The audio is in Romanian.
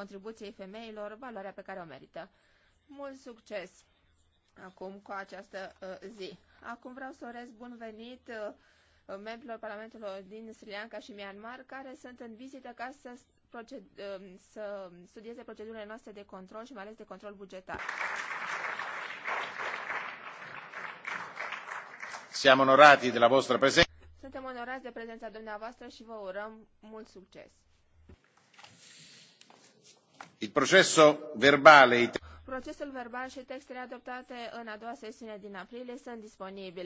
contribuției femeilor valoarea pe care o merită. Mult succes acum cu această uh, zi. Acum vreau să urez bun venit uh, membrilor Parlamentului din Sri Lanka și Myanmar care sunt în vizită ca să, proced, uh, să studieze procedurile noastre de control și mai ales de control bugetar. Siamo onorati della vostra presenza. Suntem onorați de prezența dumneavoastră și vă urăm mult succes verbale. Procesul verbal și textele adoptate în a doua sesiune din aprilie sunt disponibile.